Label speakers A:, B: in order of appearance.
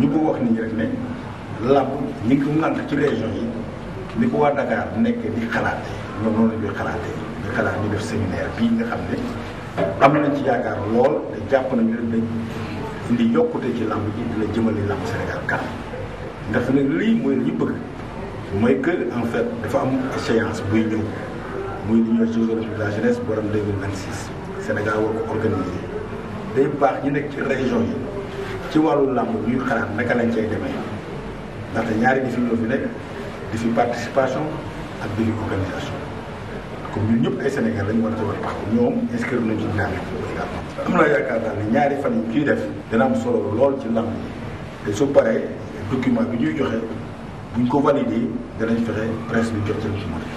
A: ñu ko wax nii rek ne làmb ñi ngi ko nànk ci région yi ni ko waa Dakar nekk di xalaat ñoom noonu la ñuy xalaate ñu xalaat ñu def séminaire bii nga xam ne am nañ ci yaakaar lool te jàpp nañu rek dañ indi yokkute ci làmb ji dina jëmale làmb Sénégal kanam ndax nag lii mooy li bëgg mooy que en fait dafa am échéance buy ñëw muy li ñuy Jeux olympiques de la jeunesse borom 2026 Sénégal war ko organiser day baax ñu nekk ci région yi ci wàllu làmb bi ñu xalaat naka lañ cay demee ndaxte ñaari di fi ñoo nekk di fi participation ak di fi organisation comme ñun ñëpp ay Sénégal lañ war a ci war a taxaw ñoom inscrire nañ ci ñaari am na yaakaar daal ne ñaari fan yi ciy def dina mu solo lool ci làmb yi te su paree document bi ñuy joxe buñ ko validé danañ fexe presse
B: bi jot ci lu ci mën